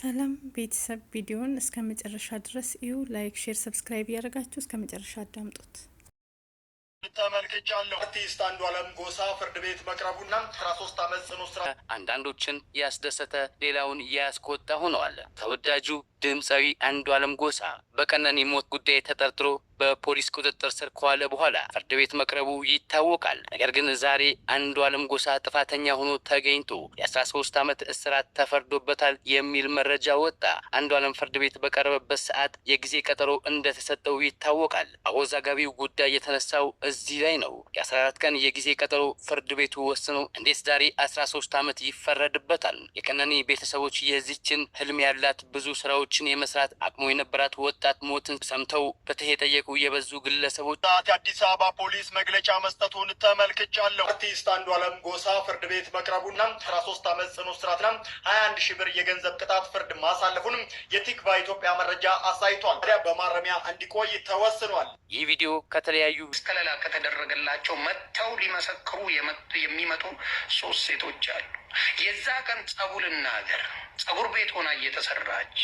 ሰላም ቤተሰብ፣ ቪዲዮን እስከ መጨረሻ ድረስ እዩ። ላይክ፣ ሼር፣ ሰብስክራይብ እያደረጋችሁ እስከ መጨረሻ አዳምጡት። ተመልክቻለሁ። አርቲስት አንዷለም ጎሳ ፍርድ ቤት መቅረቡና አስራ ሶስት አመት ጽኑ ስራ አንዳንዶችን ያስደሰተ ሌላውን ያስቆጣ ሆነዋል። ተወዳጁ ድምፃዊ አንዷለም ጎሳ በቀነኒ ሞት ጉዳይ ተጠርጥሮ በፖሊስ ቁጥጥር ስር ከዋለ በኋላ ፍርድ ቤት መቅረቡ ይታወቃል። ነገር ግን ዛሬ አለም ጎሳ ጥፋተኛ ሆኖ ተገኝቶ የአስራ ሶስት ዓመት እስራት ተፈርዶበታል የሚል መረጃ ወጣ። አለም ፍርድ ቤት በቀረበበት ሰዓት የጊዜ ቀጠሮ እንደተሰጠው ይታወቃል። አወዛጋቢው ጉዳይ የተነሳው እዚህ ላይ ነው። የአስራ አራት ቀን የጊዜ ቀጠሮ ፍርድ ቤቱ ወስኖ እንዴት ዛሬ አስራ ሶስት ዓመት ይፈረድበታል? የቀነኒ ቤተሰቦች የዚችን ህልም ያላት ብዙ ስራዎች ሰዎችን የመስራት አቅሞ የነበራት ወጣት ሞትን ሰምተው ፍትህ የጠየቁ የበዙ ግለሰቦች የአዲስ አበባ ፖሊስ መግለጫ መስጠቱን ተመልክቻለሁ። አርቲስት አንዷለም ጎሳ ፍርድ ቤት መቅረቡና አስራ ሶስት አመት ጽኑ እስራትና ሀያ አንድ ሺህ ብር የገንዘብ ቅጣት ፍርድ ማሳለፉን የቲክቫ ኢትዮጵያ መረጃ አሳይቷል። ታዲያ በማረሚያ እንዲቆይ ተወስኗል። ይህ ቪዲዮ ከተለያዩ እስከለላ ከተደረገላቸው መጥተው ሊመሰክሩ የሚመጡ ሶስት ሴቶች አሉ። የዛ ቀን ጸቡልና ሀገር ጸጉር ቤት ሆና እየተሰራች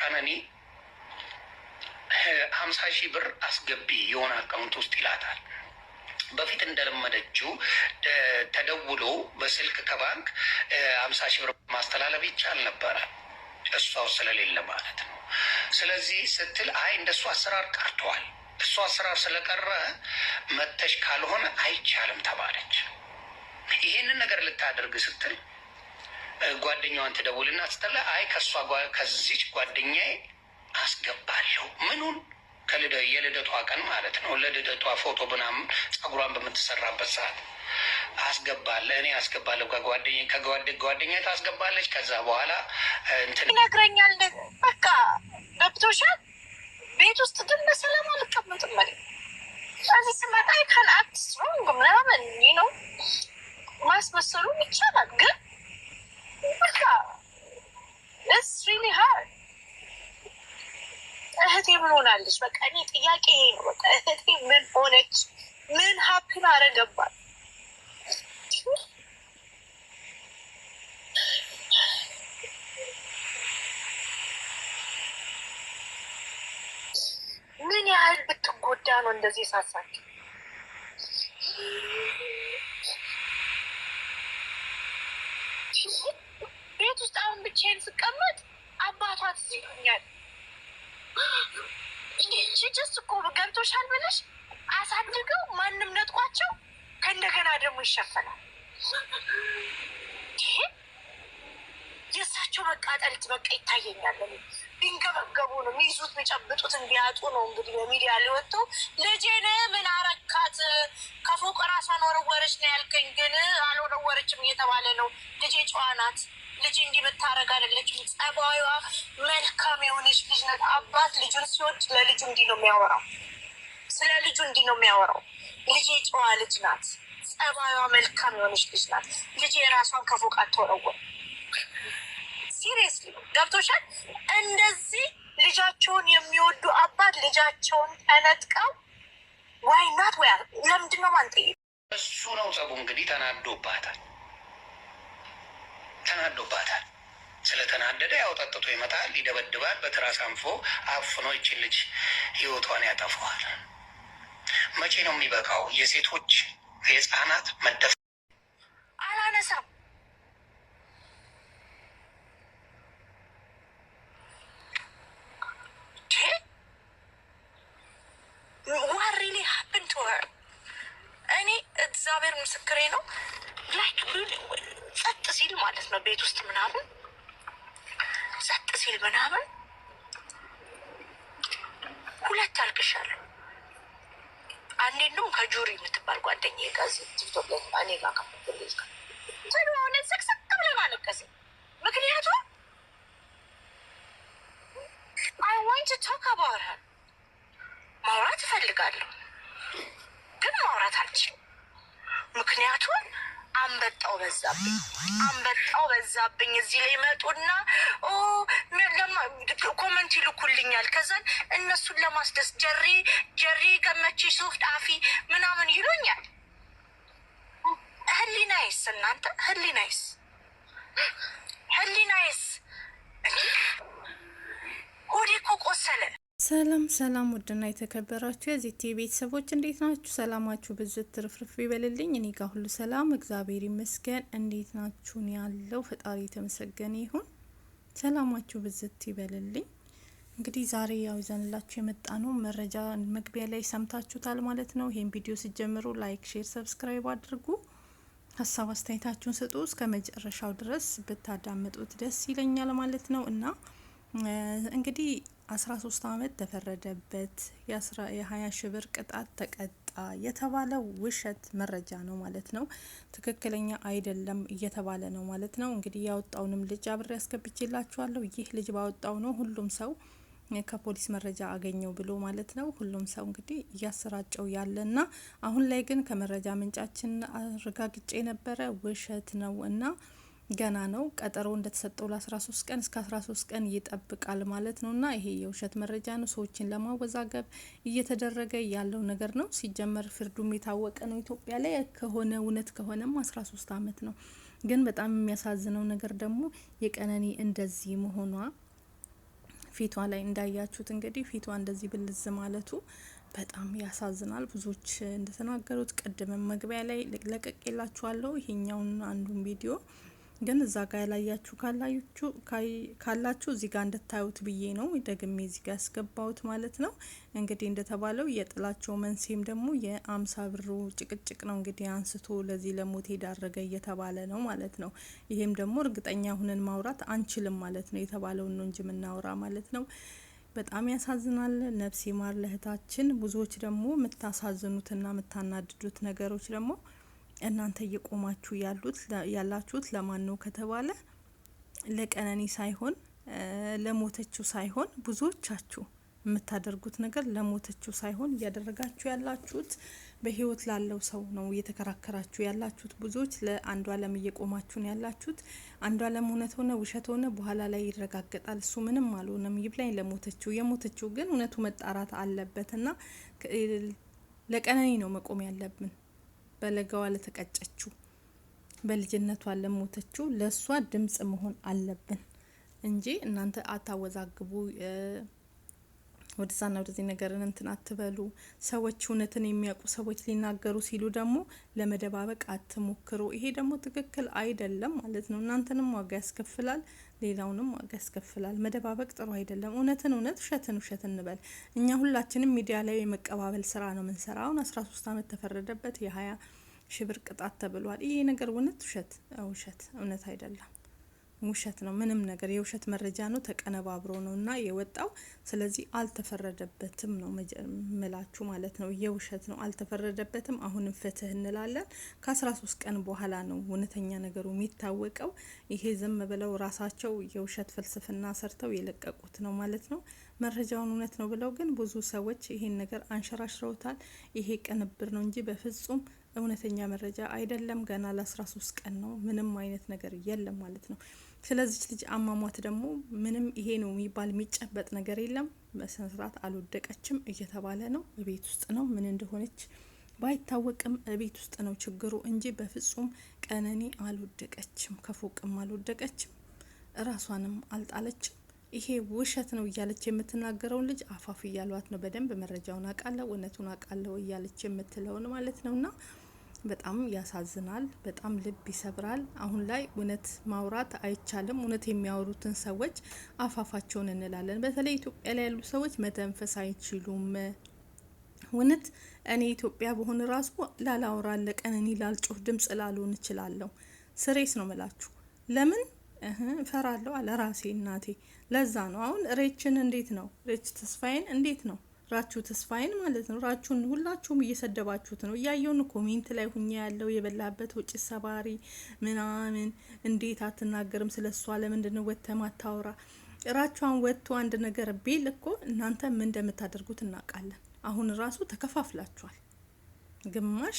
ቀነኒ ሀምሳ ሺህ ብር አስገቢ የሆነ አካውንት ውስጥ ይላታል። በፊት እንደለመደችው ተደውሎ በስልክ ከባንክ ሀምሳ ሺህ ብር ማስተላለፍ ይቻል ነበረ፣ እሷው ስለሌለ ማለት ነው። ስለዚህ ስትል አይ እንደሱ አሰራር ቀርተዋል፣ እሱ አሰራር ስለቀረ መተሽ ካልሆነ አይቻልም ተባለች። ይሄንን ነገር ልታደርግ ስትል ጓደኛዋን ትደውልና ትጠላ አይ ከእሷ ከዚች ጓደኛዬ አስገባለሁ ምኑን የልደቷ ቀን ማለት ነው። ለልደቷ ፎቶ ምናምን ጸጉሯን በምትሰራበት ሰዓት አስገባለ እኔ አስገባለሁ ከጓደኛ ከጓደኛ ታስገባለች። ከዛ በኋላ እንትን ይነግረኛል። በቃ ገብቶሻል። ቤት ውስጥ ግን በሰላም አልቀመጥም። እዚህ ስመጣ ከን አክት ስትሮንግ ምናምን ነው ማስመሰሉ ይቻላል። ሆናለች? በቃ እኔ ጥያቄ ይሄ ነው። በቃ እህቴ ምን ሆነች? ምን ሀፕን አረገባል? ምን ያህል ብትጎዳ ነው እንደዚህ ሳሳች? ቤት ውስጥ አሁን ብቻዬን ስቀመጥ አባቷ ትዝ ይሉኛል። ጀስ እኮ ገብቶሻል ብለሽ አሳድገው ማንም ነጥቋቸው ከእንደገና ደግሞ ይሸፈናል። የእሳቸው መቃጠልት በቃ ይታየኛል። ቢንገበገቡ ነው የሚይዙት የሚጨብጡት እንዲያጡ ነው። እንግዲህ በሚዲያ ሊወጡ ልጄን ምን አረካት ከፎቅ ራሷን ወረወረች ነው ያልከኝ፣ ግን አልወረወረችም እየተባለ ነው። ልጄ ጨዋ ናት። ልጅ እንዲህ ብታረግ አይደለችም። ጸባዩዋ መልካም የሆነች ልጅ ናት። አባት ልጁን ሲወድ ለልጁ እንዲህ ነው የሚያወራው፣ ስለ ልጁ እንዲህ ነው የሚያወራው። ልጅ ጨዋ ልጅ ናት። ጸባዩዋ መልካም የሆነች ልጅ ናት። ልጅ የራሷን ከፎቅ አትወረወር። ሲሪየስሊ ገብቶሻል። እንደዚህ ልጃቸውን የሚወዱ አባት ልጃቸውን ተነጥቀው ዋይናት ወያ ለምንድን ነው ማንጠይ እሱ ነው ጸቡ እንግዲህ ተናዶባታል ተናዶባታል። ስለተናደደ ያው ጠጥቶ ይመጣል፣ ይደበድባል፣ በትራስ አንፎ አፍኖ ይችን ልጅ ህይወቷን ያጠፈዋል። መቼ ነው የሚበቃው? የሴቶች የህፃናት መደፈ አላነሳም። እኔ እግዚአብሔር ምስክሬ ነው ላይክ ጸጥ ሲል ማለት ነው ቤት ውስጥ ምናምን ጸጥ ሲል ምናምን ሁለት አልቅሻለሁ። አንዴን ነው ከጆሪ የምትባል ጓደኛዬ ጋር ኢትዮጵያ እኔ ጋር ከፍልጅ ጋር ሆነ ሰቅሰቅ ብለን አለቀሴ። ምክንያቱም አይ ዋንት ቶክ አባውት ሄር ማውራት እፈልጋለሁ፣ ግን ማውራት አልችልም ምክንያቱም አንበጣው በዛብኝ፣ አንበጣው በዛብኝ። እዚህ ላይ መጡና ኮመንት ይልኩልኛል። ከዛን እነሱን ለማስደስ ጀሪ ጀሪ ገመቼ ሶፍት አፊ ምናምን ይሉኛል። ህሊናይስ እናንተ ህሊናይስ ህሊናይስ፣ ሆዴ እኮ ቆሰለ። ሰላም ሰላም፣ ውድና የተከበራችሁ የዜቴ ቤተሰቦች እንዴት ናችሁ? ሰላማችሁ ብዝት ትርፍርፍ ይበልልኝ። እኔ ጋር ሁሉ ሰላም እግዚአብሔር ይመስገን። እንዴት ናችሁን? ያለው ፈጣሪ የተመሰገነ ይሁን። ሰላማችሁ ብዝት ይበልልኝ። እንግዲህ ዛሬ ያው ይዘንላችሁ የመጣ ነው መረጃ መግቢያ ላይ ሰምታችሁታል ማለት ነው። ይህን ቪዲዮ ስጀምሩ ላይክ፣ ሼር፣ ሰብስክራይብ አድርጉ። ሀሳብ አስተያየታችሁን ስጡ። እስከ መጨረሻው ድረስ ብታዳምጡት ደስ ይለኛል ማለት ነው እና እንግዲህ 13 ዓመት ተፈረደበት፣ የ20 ሺ ብር ቅጣት ተቀጣ የተባለው ውሸት መረጃ ነው ማለት ነው። ትክክለኛ አይደለም እየተባለ ነው ማለት ነው። እንግዲህ ያወጣውንም ልጅ አብሬ ያስገብቼላችኋለሁ። ይህ ልጅ ባወጣው ነው ሁሉም ሰው ከፖሊስ መረጃ አገኘው ብሎ ማለት ነው። ሁሉም ሰው እንግዲህ እያሰራጨው ያለ እና አሁን ላይ ግን ከመረጃ ምንጫችን አረጋግጬ ነበረ ውሸት ነው እና ገና ነው ቀጠሮ እንደተሰጠው ለ13 ቀን እስከ 13 ቀን ይጠብቃል ማለት ነው። እና ይሄ የውሸት መረጃ ነው፣ ሰዎችን ለማወዛገብ እየተደረገ ያለው ነገር ነው። ሲጀመር ፍርዱም የታወቀ ነው። ኢትዮጵያ ላይ ከሆነ እውነት ከሆነም 13 ዓመት ነው። ግን በጣም የሚያሳዝነው ነገር ደግሞ የቀነኒ እንደዚህ መሆኗ ፊቷ ላይ እንዳያችሁት እንግዲህ ፊቷ እንደዚህ ብልዝ ማለቱ በጣም ያሳዝናል። ብዙዎች እንደተናገሩት ቅድም መግቢያ ላይ ለቀቅ የላችኋለሁ ይሄኛውን አንዱን ቪዲዮ ግን እዛ ጋ ያላያችሁ ካላችሁ ካላችሁ እዚህ ጋር እንድታዩት ብዬ ነው ደግሜ እዚህ ጋር ያስገባሁት ማለት ነው። እንግዲህ እንደተባለው የጥላቸው መንስኤም ደግሞ የአምሳ ብሩ ጭቅጭቅ ነው። እንግዲህ አንስቶ ለዚህ ለሞት ዳረገ እየተባለ ነው ማለት ነው። ይሄም ደግሞ እርግጠኛ ሁነን ማውራት አንችልም ማለት ነው። የተባለውን ነው እንጂ የምናወራ ማለት ነው። በጣም ያሳዝናል። ነፍሴ ማር ለእህታችን። ብዙዎች ደግሞ የምታሳዝኑትና የምታናድዱት ነገሮች ደግሞ እናንተ እየቆማችሁ ያሉት ያላችሁት ለማን ነው ከተባለ ለቀነኒ ሳይሆን ለሞተችው ሳይሆን ብዙዎቻችሁ የምታደርጉት ነገር ለሞተችው ሳይሆን እያደረጋችሁ ያላችሁት በህይወት ላለው ሰው ነው እየተከራከራችሁ ያላችሁት። ብዙዎች ለአንዱ አለም እየቆማችሁ ነው ያላችሁት። አንዱ አለም እውነት ሆነ ውሸት ሆነ በኋላ ላይ ይረጋገጣል። እሱ ምንም አልሆነም ይብላኝ ለሞተችው። የሞተችው ግን እውነቱ መጣራት አለበት እና ለቀነኒ ነው መቆም ያለብን። በለጋዋ ለተቀጨችው በልጅነቷ ለሞተችው ለእሷ ድምጽ መሆን አለብን እንጂ እናንተ አታወዛግቡ። ወደዛና ወደዚህ ነገርን እንትን አትበሉ። ሰዎች እውነትን የሚያውቁ ሰዎች ሊናገሩ ሲሉ ደግሞ ለመደባበቅ አትሞክሩ። ይሄ ደግሞ ትክክል አይደለም ማለት ነው። እናንተንም ዋጋ ያስከፍላል፣ ሌላውንም ዋጋ ያስከፍላል። መደባበቅ ጥሩ አይደለም። እውነትን እውነት፣ ውሸትን ውሸት እንበል። እኛ ሁላችንም ሚዲያ ላይ የመቀባበል ስራ ነው ምንሰራ። አሁን አስራ ሶስት አመት ተፈረደበት የሀያ ሺህ ብር ቅጣት ተብሏል። ይሄ ነገር እውነት ውሸት ውሸት እውነት አይደለም። ውሸት ነው። ምንም ነገር የውሸት መረጃ ነው፣ ተቀነባብሮ ነው እና የወጣው። ስለዚህ አልተፈረደበትም ነው ምላችሁ ማለት ነው። የውሸት ነው፣ አልተፈረደበትም። አሁንም ፍትህ እንላለን። ከአስራ ሶስት ቀን በኋላ ነው እውነተኛ ነገሩ የሚታወቀው። ይሄ ዝም ብለው ራሳቸው የውሸት ፍልስፍና ሰርተው የለቀቁት ነው ማለት ነው። መረጃውን እውነት ነው ብለው ግን ብዙ ሰዎች ይሄን ነገር አንሸራሽረውታል። ይሄ ቅንብር ነው እንጂ በፍጹም እውነተኛ መረጃ አይደለም። ገና ለ13 ቀን ነው። ምንም አይነት ነገር የለም ማለት ነው። ስለዚች ልጅ አሟሟት ደግሞ ምንም ይሄ ነው የሚባል የሚጨበጥ ነገር የለም። በስነስርዓት አልወደቀችም እየተባለ ነው። ቤት ውስጥ ነው ምን እንደሆነች ባይታወቅም ቤት ውስጥ ነው ችግሩ እንጂ በፍጹም ቀነኒ አልወደቀችም፣ ከፎቅም አልወደቀችም፣ እራሷንም አልጣለችም። ይሄ ውሸት ነው እያለች የምትናገረውን ልጅ አፋፍ እያሏት ነው። በደንብ መረጃውን አውቃለሁ እውነቱን አውቃለሁ እያለች የምትለውን ማለት ነውና በጣም ያሳዝናል። በጣም ልብ ይሰብራል። አሁን ላይ እውነት ማውራት አይቻልም። እውነት የሚያወሩትን ሰዎች አፋፋቸውን እንላለን። በተለይ ኢትዮጵያ ላይ ያሉ ሰዎች መተንፈስ አይችሉም። እውነት እኔ ኢትዮጵያ በሆን ራሱ ላላወራ ለቀነኒ ላልጮህ ድምጽ ላልሆን እችላለሁ። ስሬስ ነው ምላችሁ ለምን እፈራለሁ አለ ራሴ እናቴ። ለዛ ነው አሁን ሬችን እንዴት ነው ሬች ተስፋዬን እንዴት ነው ራችሁ ተስፋዬን ማለት ነው። ራችሁን ሁላችሁም እየሰደባችሁት ነው። እያየውን ኮሜንት ላይ ሁኛ ያለው የበላበት ውጭ ሰባሪ ምናምን፣ እንዴት አትናገርም ስለ እሷ? ለምንድን ነው ወጥተህ ማታወራ? ራቿን ወጥቶ አንድ ነገር ቢል እኮ እናንተ ምን እንደምታደርጉት እናውቃለን። አሁን ራሱ ተከፋፍላችኋል። ግማሽ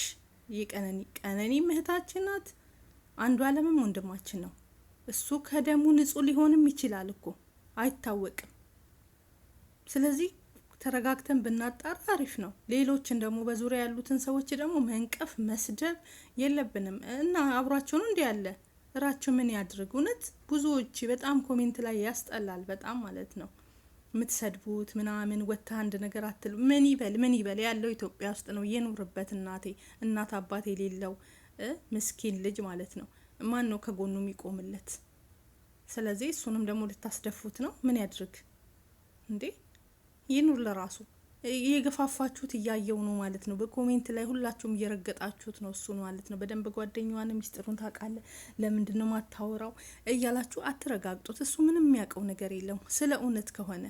የቀነኒ ቀነኒ ምህታችን ናት። አንዱ አለምም ወንድማችን ነው። እሱ ከደሙ ንጹህ ሊሆንም ይችላል እኮ አይታወቅም። ስለዚህ ተረጋግተን ብናጣራ አሪፍ ነው። ሌሎችን ደግሞ በዙሪያ ያሉትን ሰዎች ደግሞ መንቀፍ፣ መስደብ የለብንም እና አብሯቸውን እንዲ ያለ እራቸው ምን ያድርግ። እውነት ብዙዎች በጣም ኮሜንት ላይ ያስጠላል፣ በጣም ማለት ነው የምትሰድቡት ምናምን ወታ አንድ ነገር አትሉ። ምን ይበል ምን ይበል ያለው ኢትዮጵያ ውስጥ ነው የኖርበት። እናቴ እናት አባት የሌለው ምስኪን ልጅ ማለት ነው። ማን ነው ከጎኑ የሚቆምለት? ስለዚህ እሱንም ደግሞ ልታስደፉት ነው። ምን ያድርግ እንዴ? ሁሉ ለራሱ እየገፋፋችሁት እያየው ነው ማለት ነው። በኮሜንት ላይ ሁላችሁም እየረገጣችሁት ነው እሱን ማለት ነው። በደንብ ጓደኛዋን ሚስጥሩን ታውቃለ። ለምንድን ነው ማታወራው እያላችሁ አትረጋግጡት። እሱ ምንም የሚያውቀው ነገር የለም ስለ እውነት ከሆነ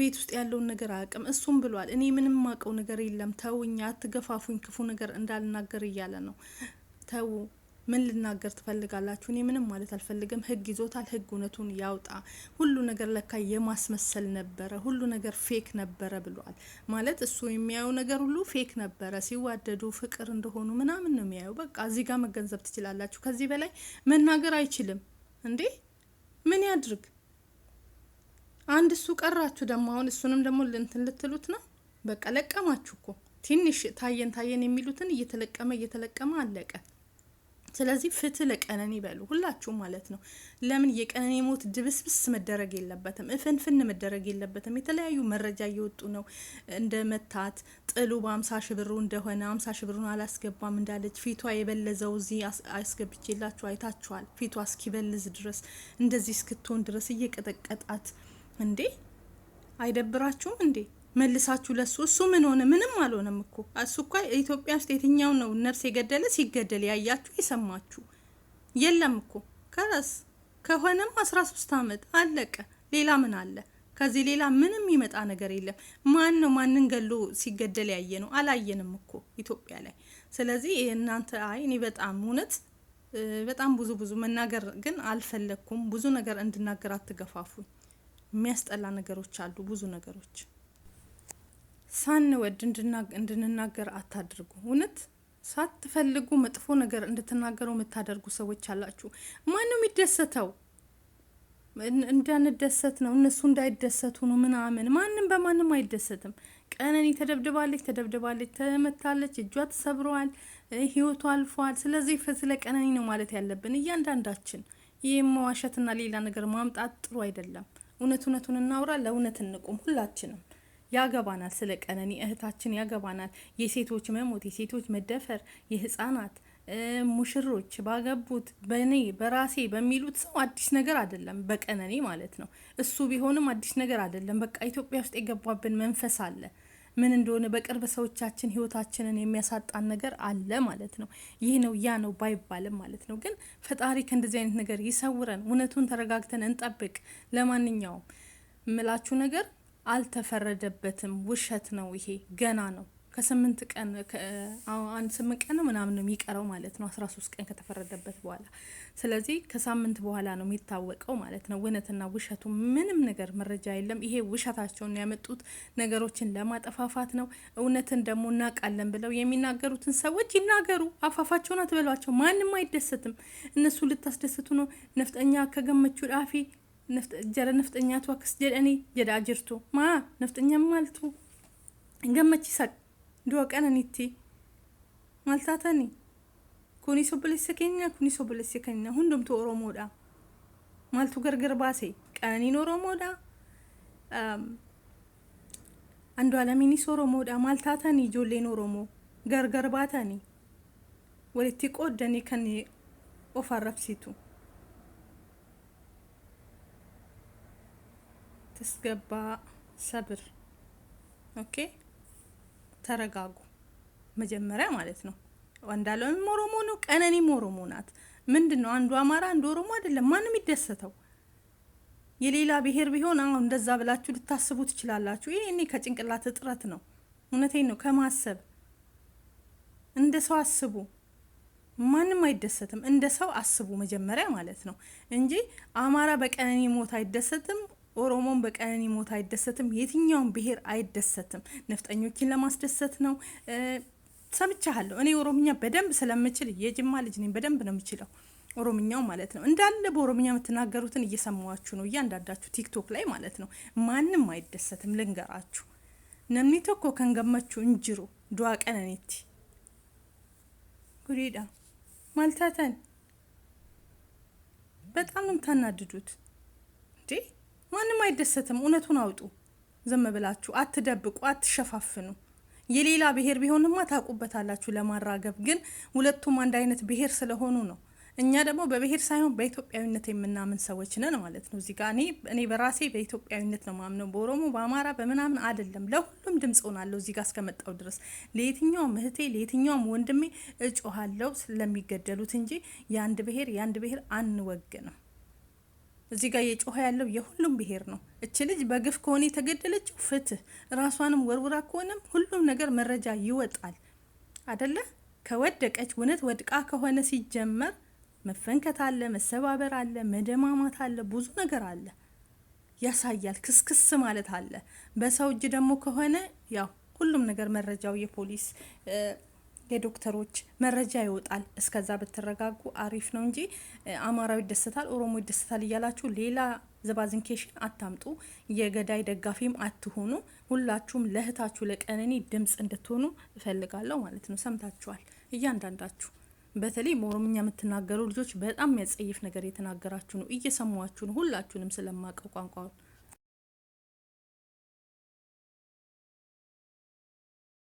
ቤት ውስጥ ያለውን ነገር አያውቅም። እሱም ብሏል፣ እኔ ምንም ማውቀው ነገር የለም ተውኛ፣ አትገፋፉኝ፣ ክፉ ነገር እንዳልናገር እያለ ነው። ተው ምን ልናገር ትፈልጋላችሁ? እኔ ምንም ማለት አልፈልግም። ህግ ይዞታል። ህግ እውነቱን ያውጣ። ሁሉ ነገር ለካ የማስመሰል ነበረ፣ ሁሉ ነገር ፌክ ነበረ ብሏል። ማለት እሱ የሚያየው ነገር ሁሉ ፌክ ነበረ፣ ሲዋደዱ ፍቅር እንደሆኑ ምናምን ነው የሚያየው። በቃ እዚህ ጋር መገንዘብ ትችላላችሁ። ከዚህ በላይ መናገር አይችልም እንዴ! ምን ያድርግ? አንድ እሱ ቀራችሁ። ደግሞ አሁን እሱንም ደግሞ ልንትን ልትሉት ነው። በቃ ለቀማችሁ እኮ ትንሽ ታየን ታየን የሚሉትን እየተለቀመ እየተለቀመ አለቀ። ስለዚህ ፍትህ ለቀነኒ በሉ ሁላችሁም ማለት ነው። ለምን የቀነኒ ሞት ድብስብስ መደረግ የለበትም፣ እፍንፍን መደረግ የለበትም። የተለያዩ መረጃ እየወጡ ነው እንደ መታት ጥሉ በአምሳ ሽብሩ ብሩ እንደሆነ አምሳ ሺህ ብሩን አላስገባም እንዳለች ፊቷ የበለዘው እዚህ አስገብቼላችሁ አይታችኋል። ፊቷ እስኪበልዝ ድረስ እንደዚህ እስክትሆን ድረስ እየቀጠቀጣት እንዴ አይደብራችሁም እንዴ? መልሳችሁ ለሱ እሱ ምን ሆነ? ምንም አልሆነም እኮ እሱ እኳ ኢትዮጵያ ውስጥ የትኛው ነው ነፍስ የገደለ ሲገደል ያያችሁ የሰማችሁ? የለም እኮ ከራስ ከሆነም አስራ ሶስት አመት አለቀ። ሌላ ምን አለ? ከዚህ ሌላ ምንም ይመጣ ነገር የለም። ማን ነው ማንን ገሎ ሲገደል ያየ ነው? አላየንም እኮ ኢትዮጵያ ላይ። ስለዚህ እናንተ አይ እኔ በጣም እውነት በጣም ብዙ ብዙ መናገር ግን አልፈለግኩም። ብዙ ነገር እንድናገር አትገፋፉኝ። የሚያስጠላ ነገሮች አሉ ብዙ ነገሮች ሳንወድ እንድንናገር አታድርጉ። እውነት ሳትፈልጉ መጥፎ ነገር እንድትናገሩ የምታደርጉ ሰዎች አላችሁ። ማነው የሚደሰተው? እንዳንደሰት ነው እነሱ እንዳይደሰቱ ነው ምናምን። ማንም በማንም አይደሰትም። ቀነኒ ተደብድባለች፣ ተደብድባለች፣ ተመታለች፣ እጇ ተሰብረዋል፣ ህይወቱ አልፏል። ስለዚህ ስለ ቀነኒ ነው ማለት ያለብን እያንዳንዳችን። ይህ መዋሸትና ሌላ ነገር ማምጣት ጥሩ አይደለም። እውነት እውነቱን እናውራ፣ ለእውነት እንቁም ሁላችንም። ያገባናል፣ ስለ ቀነኒ እህታችን ያገባናል። የሴቶች መሞት፣ የሴቶች መደፈር፣ የህፃናት ሙሽሮች ባገቡት በእኔ በራሴ በሚሉት ሰው አዲስ ነገር አይደለም፣ በቀነኒ ማለት ነው። እሱ ቢሆንም አዲስ ነገር አይደለም። በቃ ኢትዮጵያ ውስጥ የገባብን መንፈስ አለ። ምን እንደሆነ በቅርብ ሰዎቻችን ህይወታችንን የሚያሳጣን ነገር አለ ማለት ነው። ይህ ነው ያ ነው ባይባልም ማለት ነው። ግን ፈጣሪ ከእንደዚህ አይነት ነገር ይሰውረን። እውነቱን ተረጋግተን እንጠብቅ። ለማንኛውም ምላችሁ ነገር አልተፈረደበትም። ውሸት ነው። ይሄ ገና ነው። ከስምንት ቀን አንድ ስምንት ቀን ምናምን ነው የሚቀረው ማለት ነው፣ አስራ ሶስት ቀን ከተፈረደበት በኋላ። ስለዚህ ከሳምንት በኋላ ነው የሚታወቀው ማለት ነው። እውነትና ውሸቱ ምንም ነገር መረጃ የለም። ይሄ ውሸታቸውን ያመጡት ነገሮችን ለማጠፋፋት ነው። እውነትን ደግሞ እናውቃለን ብለው የሚናገሩትን ሰዎች ይናገሩ፣ አፋፋቸውን አትበሏቸው። ማንም አይደሰትም። እነሱ ልታስደስቱ ነው። ነፍጠኛ ከገመችው ዳፌ jara nafxanyaatu akkas jedhanii jedhaa jirtu maa nafxanyaan maaltu gammachiisadha du'a qananitti maal taatanii kunis obboleessa keenya kunis obboleessa keenya hundumtu oromoodha maaltu gargar baase qananiin oromoodha andu'aalamiinis oromoodha maal taatanii ijoolleen oromoo gargar baatanii walitti qoodanii kan of arrabsitu አትስገባ። ሰብር ኦኬ፣ ተረጋጉ መጀመሪያ ማለት ነው። ወንዳለም ኦሮሞ ነው፣ ቀነኒም ኦሮሞ ናት። ምንድን ነው አንዱ አማራ አንዱ ኦሮሞ አይደለም። ማንም ይደሰተው የሌላ ብሄር ቢሆን አሁን እንደዛ ብላችሁ ልታስቡ ትችላላችሁ። ይሄ እኔ ከጭንቅላት እጥረት ነው። እውነቴን ነው ከማሰብ እንደ ሰው አስቡ። ማንም አይደሰትም። እንደ ሰው አስቡ መጀመሪያ ማለት ነው እንጂ አማራ በቀነኒ ሞት አይደሰትም፣ ኦሮሞን በቀነኒ ሞት አይደሰትም። የትኛውን ብሔር አይደሰትም። ነፍጠኞችን ለማስደሰት ነው። ሰምቻለሁ። እኔ ኦሮምኛ በደንብ ስለምችል የጅማ ልጅ ነኝ። በደንብ ነው የምችለው ኦሮምኛው ማለት ነው። እንዳለ በኦሮምኛ የምትናገሩትን እየሰማችሁ ነው፣ እያንዳንዳችሁ ቲክቶክ ላይ ማለት ነው። ማንም አይደሰትም። ልንገራችሁ ነምኒ ቶኮ ከንገመችሁ እንጅሩ ድዋ ቀነኔቲ ጉሪዳ ማልታተን በጣም ነው የምታናድዱት እንዴ! ማንም አይደሰትም። እውነቱን አውጡ። ዝም ብላችሁ አትደብቁ፣ አትሸፋፍኑ። የሌላ ብሔር ቢሆንማ ታውቁበታላችሁ ለማራገብ። ግን ሁለቱም አንድ አይነት ብሔር ስለሆኑ ነው። እኛ ደግሞ በብሔር ሳይሆን በኢትዮጵያዊነት የምናምን ሰዎች ነን ማለት ነው። እዚህ ጋር እኔ በራሴ በኢትዮጵያዊነት ነው ማምነው፣ በኦሮሞ በአማራ በምናምን አይደለም። ለሁሉም ድምፅ ሆናለሁ እዚህ ጋር እስከመጣው ድረስ ለየትኛውም እህቴ ለየትኛውም ወንድሜ እጮሃለሁ ስለሚገደሉት እንጂ የአንድ ብሔር የአንድ ብሔር አንወገንም። እዚህ ጋር የጮኸ ያለው የሁሉም ብሄር ነው። እች ልጅ በግፍ ከሆነ የተገደለችው ፍትህ፣ ራሷንም ወርውራ ከሆነም ሁሉም ነገር መረጃ ይወጣል አደለ? ከወደቀች እውነት ወድቃ ከሆነ ሲጀመር መፈንከት አለ፣ መሰባበር አለ፣ መደማማት አለ፣ ብዙ ነገር አለ ያሳያል። ክስክስ ማለት አለ። በሰው እጅ ደግሞ ከሆነ ያው ሁሉም ነገር መረጃው የፖሊስ የዶክተሮች መረጃ ይወጣል። እስከዛ ብትረጋጉ አሪፍ ነው እንጂ አማራዊ ይደሰታል፣ ኦሮሞ ይደሰታል እያላችሁ ሌላ ዘባዝንኬሽን አታምጡ። የገዳይ ደጋፊም አትሆኑ። ሁላችሁም ለእህታችሁ ለቀነኒ ድምጽ እንድትሆኑ እፈልጋለሁ ማለት ነው። ሰምታችኋል እያንዳንዳችሁ በተለይ በኦሮምኛ የምትናገሩ ልጆች በጣም የሚያጸይፍ ነገር የተናገራችሁ ነው። እየሰማችሁ ነው። ሁላችሁንም ስለማቀው ቋንቋውን